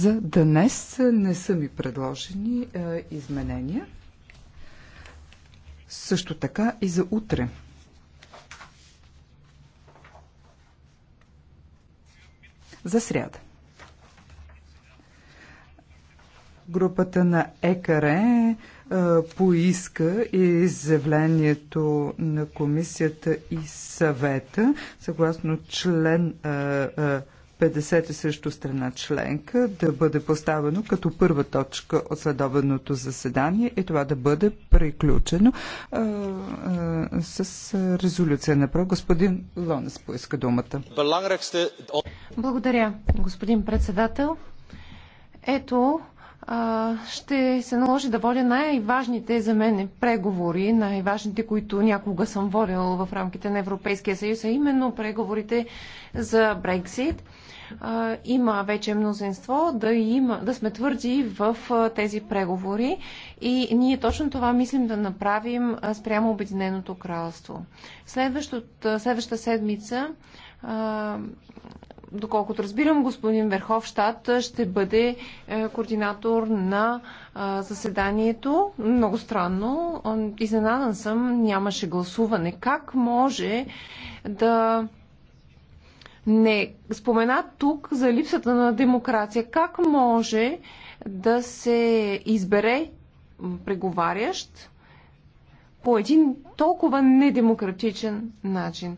За днес не са ми предложени а, е, изменения. Също така и за утре. За сряда. Групата на ЕКАРЕ поиска изявлението на комисията и съвета, съгласно член а, е, а, е, 50 е също страна членка да бъде поставено като първа точка от следобедното заседание и това да бъде приключено а, а, с резолюция на право. Господин Лонес поиска думата. Благодаря, господин председател. Ето, а, ще се наложи да водя най-важните за мен преговори, най-важните, които някога съм водил в рамките на Европейския съюз, а именно преговорите за Брексит а, има вече мнозинство, да, има, да сме твърди в а, тези преговори и ние точно това мислим да направим а, спрямо Обединеното кралство. Следващата, седмица а, доколкото разбирам, господин Верховщад ще бъде е, координатор на заседанието. Много странно. Изненадан съм, нямаше гласуване. Как може да не спомена тук за липсата на демокрация. Как може да се избере преговарящ по един толкова недемократичен начин?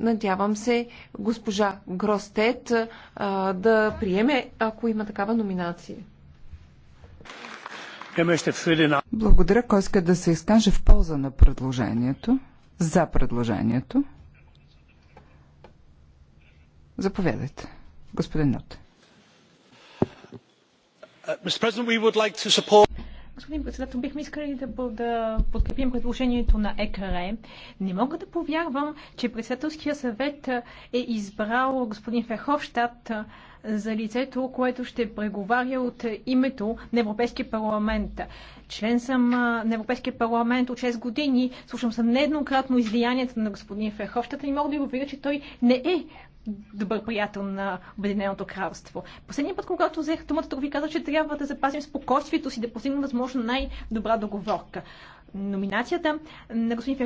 надявам се госпожа Гростет да приеме, ако има такава номинация. Благодаря. Кой иска да се изкаже в полза на предложението? За предложението? Заповядайте, господин Нот. Uh, господин председател, бихме искали да, да подкрепим предложението на ЕКР. Не мога да повярвам, че председателския съвет е избрал господин Ферховщад за лицето, което ще преговаря от името на Европейския парламент. Член съм на Европейския парламент от 6 години, слушам съм нееднократно излиянията на господин Феховщата и мога да ви уверя, че той не е добър приятел на Обединеното кралство. Последния път, когато взех думата, тук ви казах, че трябва да запазим спокойствието си, да постигнем възможно най-добра договорка. Номинацията на господин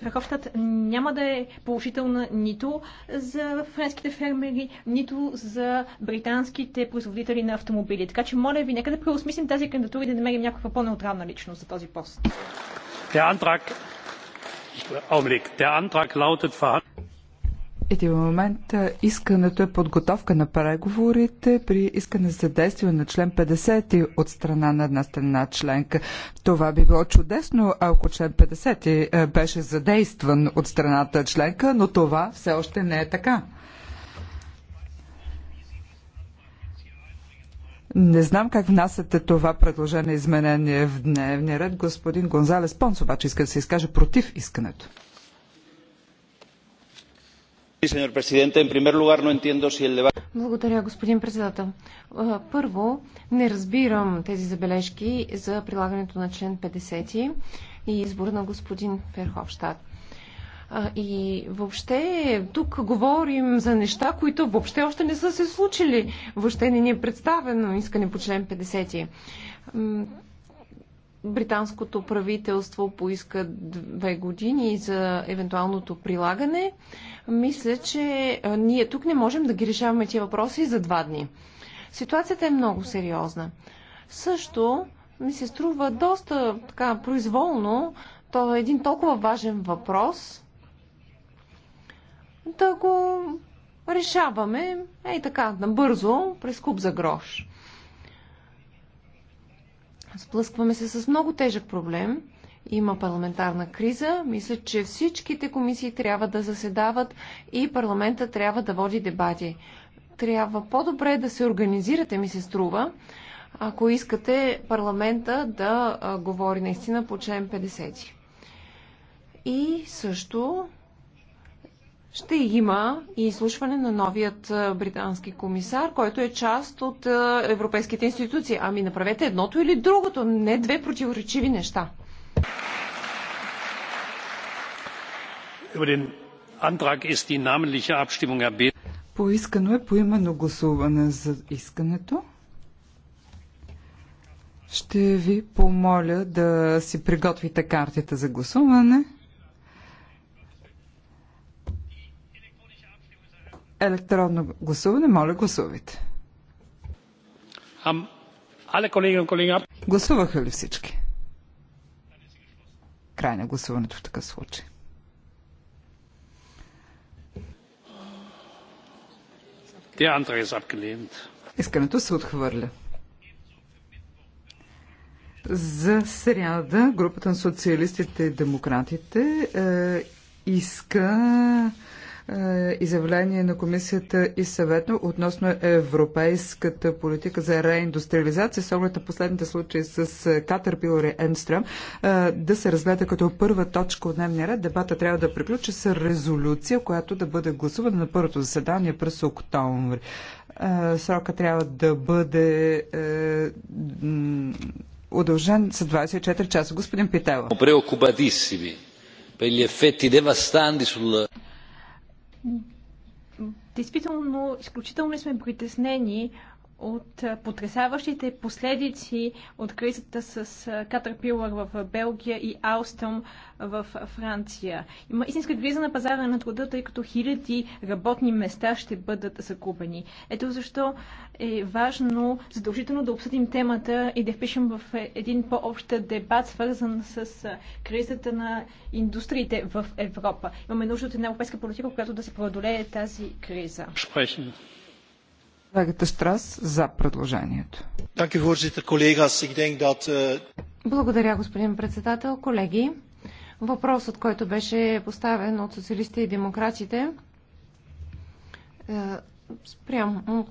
Ферховщат няма да е положителна нито за френските фермери, нито за британските производители на автомобили. Така че, моля ви, нека да преосмислим тази кандидатура и да намерим някаква по-неутрална личност за този пост. Der Antrag, Augenblick, der Antrag lautet един момент искането е подготовка на преговорите при искане за действие на член 50 от страна на една страна членка. Това би било чудесно, ако член 50 беше задействан от страната членка, но това все още не е така. Не знам как внасяте това предложение изменение в дневния ред. Господин Гонзалес Понс обаче иска да се изкаже против искането. Благодаря, господин председател. Първо, не разбирам тези забележки за прилагането на член 50 и избора на господин Ферховщад. И въобще тук говорим за неща, които въобще още не са се случили. Въобще не ни е представено искане по член 50 британското правителство поиска две години за евентуалното прилагане, мисля, че ние тук не можем да ги решаваме тия въпроси за два дни. Ситуацията е много сериозна. Също ми се струва доста така произволно, то е един толкова важен въпрос, да го решаваме, ей така, набързо, през куп за грош. Сплъскваме се с много тежък проблем. Има парламентарна криза. Мисля, че всичките комисии трябва да заседават и парламента трябва да води дебати. Трябва по-добре да се организирате, ми се струва, ако искате парламента да говори наистина по член 50. И също ще има и изслушване на новият британски комисар, който е част от европейските институции. Ами направете едното или другото, не две противоречиви неща. Поискано е поименно гласуване за искането. Ще ви помоля да си приготвите картите за гласуване. електронно гласуване. Моля, гласувайте. Гласуваха ли всички? Край на гласуването в такъв случай. Е Искането се отхвърля. За сряда групата на социалистите и демократите е, иска е, изявление на комисията и съветно относно европейската политика за реиндустриализация с оглед на последните случаи с е, Caterpillar и Енстрам да се разгледа като първа точка от дневния ред. Дебата трябва да приключи с резолюция, която да бъде гласувана на първото заседание през октомври. Е, срока трябва да бъде удължен с 24 часа. Господин Питева. Преокупатисими. per gli effetti devastanti sul Действително, изключително сме притеснени от потрясаващите последици от кризата с Caterpillar в Белгия и Алстъм в Франция. Има истинска криза на пазара на труда, тъй като хиляди работни места ще бъдат закупени. Ето защо е важно задължително да обсъдим темата и да впишем в един по-общ дебат, свързан с кризата на индустриите в Европа. Имаме нужда от една европейска политика, която да се преодолее тази криза. Колегата за предложението. Eh, Благодаря, господин председател. Колеги, въпросът, който беше поставен от социалистите и демократите, е, спрямо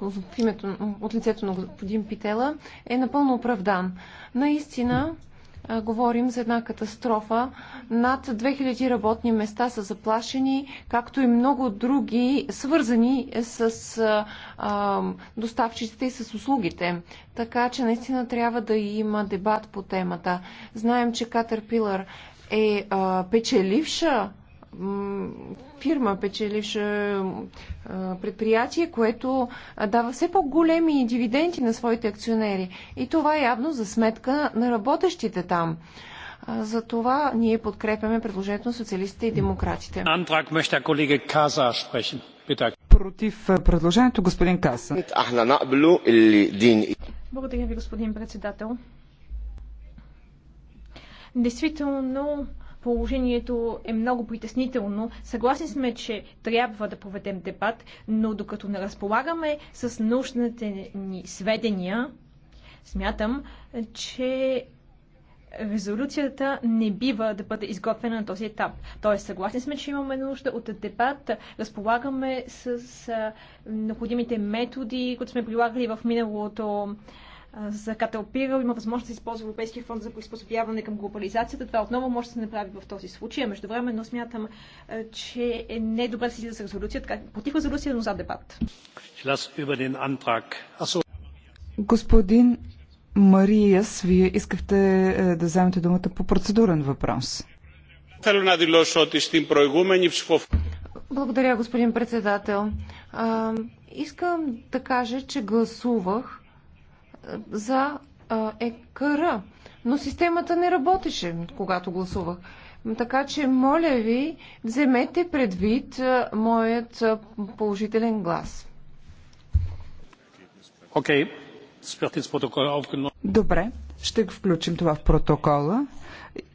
от лицето на господин Питела, е напълно оправдан. Наистина, говорим за една катастрофа. Над 2000 работни места са заплашени, както и много други, свързани с а, доставчиците и с услугите. Така че наистина трябва да има дебат по темата. Знаем, че Caterpillar е а, печеливша фирма, печеливша предприятие, което дава все по-големи дивиденти на своите акционери. И това е явно за сметка на работещите там. За това ние подкрепяме предложението на социалистите и демократите. Против предложението господин Каса. Благодаря ви, господин председател. Действително, положението е много притеснително. Съгласни сме, че трябва да проведем дебат, но докато не разполагаме с нужните ни сведения, смятам, че резолюцията не бива да бъде изготвена на този етап. Тоест, съгласни сме, че имаме нужда от дебат, разполагаме с необходимите методи, които сме прилагали в миналото за Каталпирал има възможност да използва Европейския фонд за приспособяване към глобализацията. Това отново може да се направи в този случай. А но смятам, че е не добре да се излиза с резолюция, така, против резолюция, но за дебат. Господин Мариас, вие искахте е, да вземете думата по процедурен въпрос. Благодаря, господин председател. искам да кажа, че гласувах за ЕКР, но системата не работеше, когато гласувах. Така че, моля ви, вземете предвид моят положителен глас. Okay. Добре, ще го включим това в протокола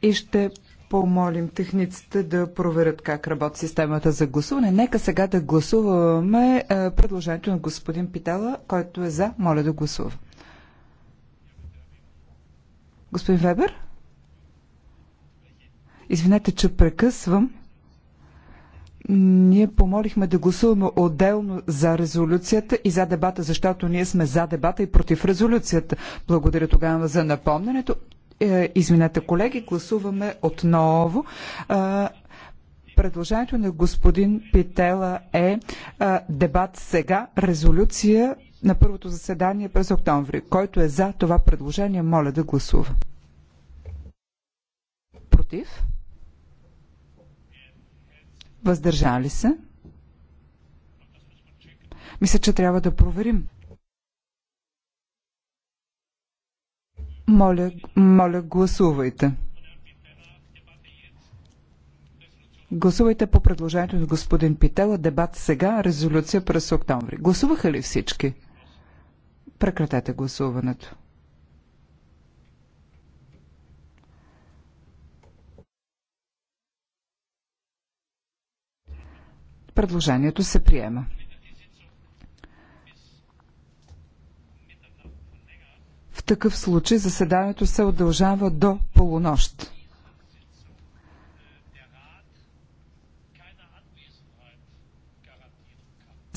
и ще помолим техниците да проверят как работи системата за гласуване. Нека сега да гласуваме е, предложението на господин Питала, който е за. Моля да гласува. Господин Вебер? Извинете, че прекъсвам. Ние помолихме да гласуваме отделно за резолюцията и за дебата, защото ние сме за дебата и против резолюцията. Благодаря тогава за напомненето. Е, извинете, колеги, гласуваме отново. Е, предложението на господин Питела е, е дебат сега, резолюция на първото заседание през октомври. Който е за това предложение, моля да гласува. Против? Въздържали се? Мисля, че трябва да проверим. Моля, моля, гласувайте. Гласувайте по предложението на господин Питела. Дебат сега, резолюция през октомври. Гласуваха ли всички? Прекратете гласуването. Предложението се приема. В такъв случай заседанието се удължава до полунощ.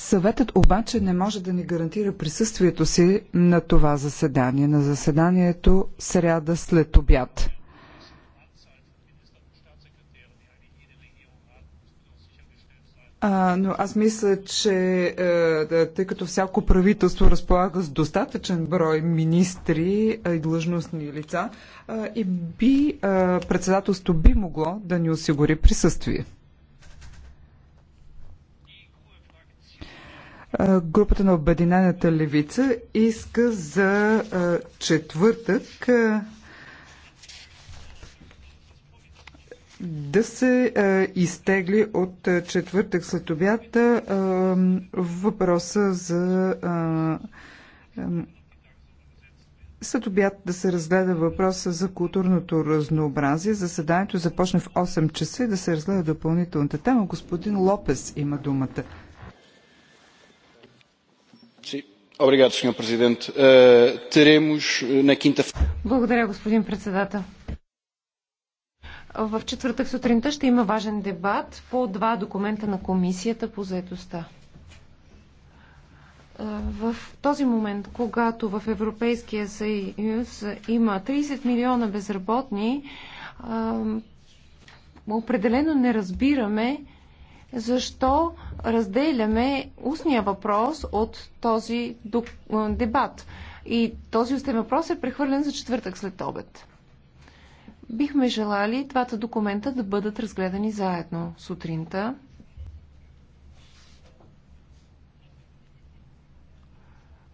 Съветът обаче не може да ни гарантира присъствието си на това заседание, на заседанието сряда след обяд. А, но аз мисля, че е, тъй като всяко правителство разполага с достатъчен брой министри и длъжностни лица, и би, председателство би могло да ни осигури присъствие. групата на Обединената левица иска за четвъртък да се изтегли от четвъртък след обяд въпроса за след обяд да се разгледа въпроса за културното разнообразие. Заседанието започна в 8 часа и да се разгледа допълнителната тема. Господин Лопес има думата. Eh, eh, Благодаря, господин председател. В четвъртък сутринта ще има важен дебат по два документа на Комисията по заедостта. Е, в този момент, когато в Европейския съюз има 30 милиона безработни, е, определено не разбираме защо разделяме устния въпрос от този дебат. И този устен въпрос е прехвърлен за четвъртък след обед. Бихме желали двата документа да бъдат разгледани заедно сутринта.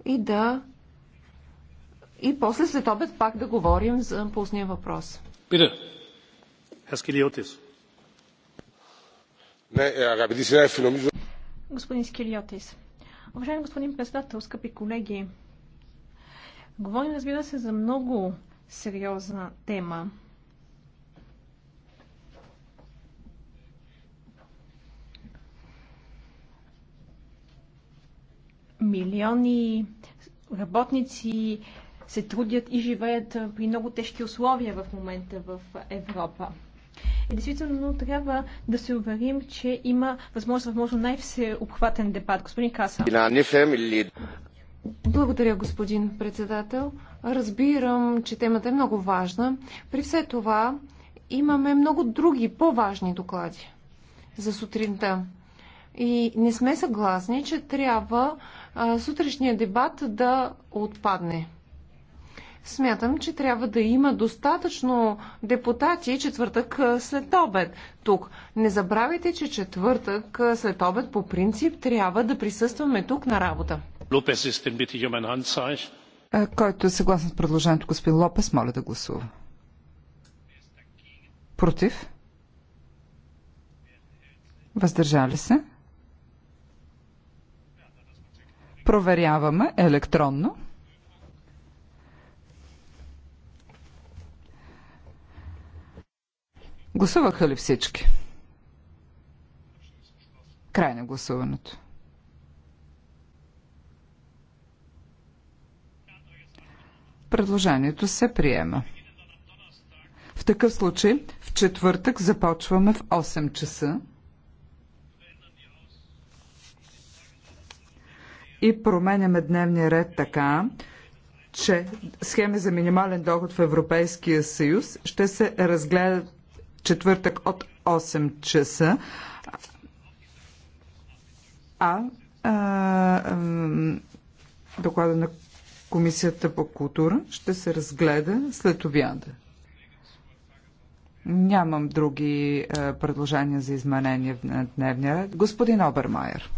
И да. И после след обед пак да говорим за пусния въпрос. Питер, Хескилиотис. Eh, господин Скириотис. Уважаеми господин председател, скъпи колеги, говорим, разбира се, за много сериозна тема. Милиони работници се трудят и живеят при много тежки условия в момента в Европа и действително трябва да се уверим, че има възможност, възможно най-всеобхватен дебат. Господин Каса. Благодаря, господин председател. Разбирам, че темата е много важна. При все това имаме много други по-важни доклади за сутринта. И не сме съгласни, че трябва а, сутрешния дебат да отпадне. Смятам, че трябва да има достатъчно депутати четвъртък след обед тук. Не забравяйте, че четвъртък след обед по принцип трябва да присъстваме тук на работа. Лопес, който е съгласен с предложението господин Лопес, моля да гласува. Против? Въздържали се? Проверяваме електронно. Гласуваха ли всички? Край на гласуването. Предложението се приема. В такъв случай, в четвъртък започваме в 8 часа. И променяме дневния ред така, че схеми за минимален доход в Европейския съюз ще се разгледат четвъртък от 8 часа. А, а, доклада на Комисията по култура ще се разгледа след обяда. Нямам други а, предложения за изменения в дневния ред. Господин Обермайер.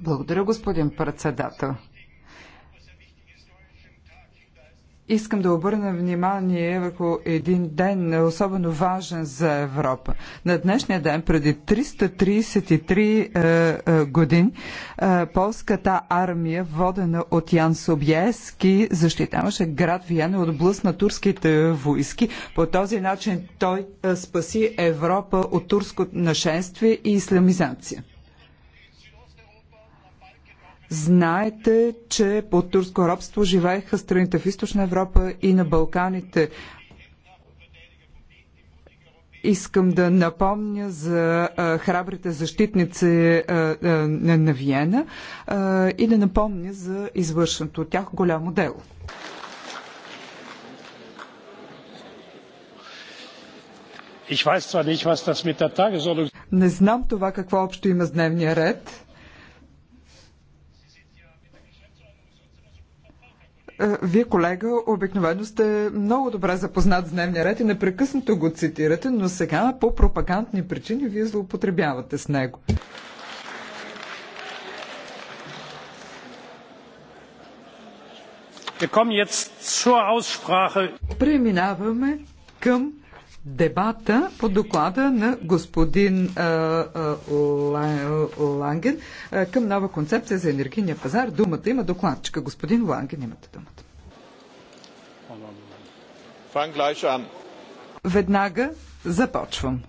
Благодаря, господин председател. Искам да обърна внимание върху един ден, особено важен за Европа. На днешния ден, преди 333 е, е, години, е, полската армия, водена от Ян Собиески, защитаваше град Виена от блъст на турските войски. По този начин той е, спаси Европа от турско нашенствие и исламизация. Знаете, че под турско робство живееха страните в Източна Европа и на Балканите. Искам да напомня за а, храбрите защитници а, а, на, на Виена а, и да напомня за извършеното от тях голямо дело. Не знам това какво общо има с дневния ред. Е, вие, колега, обикновено сте много добре запознат с дневния ред и непрекъснато го цитирате, но сега по пропагандни причини вие злоупотребявате с него. Преминаваме към дебата по доклада на господин а, а, Ланген а, към нова концепция за енергийния пазар. Думата има докладчика. Господин Ланген, имате думата. Веднага започвам.